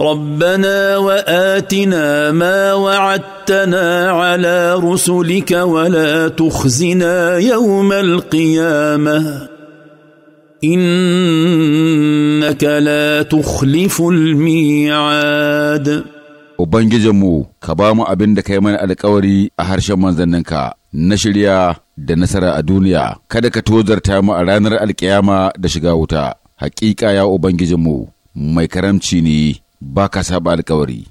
ربنا واتنا ما وعدتنا على رسلك ولا تخزنا يوم القيامه انك لا تخلف الميعاد Ubangijinmu, ka ba mu abin da kai mana alkawari a harshen manzanninka, na shirya da nasara a duniya, kada ka tozarta mu a ranar alkiyama da shiga wuta, hakika ya Ubangijinmu, mai karamci ne ba ka saba alkawari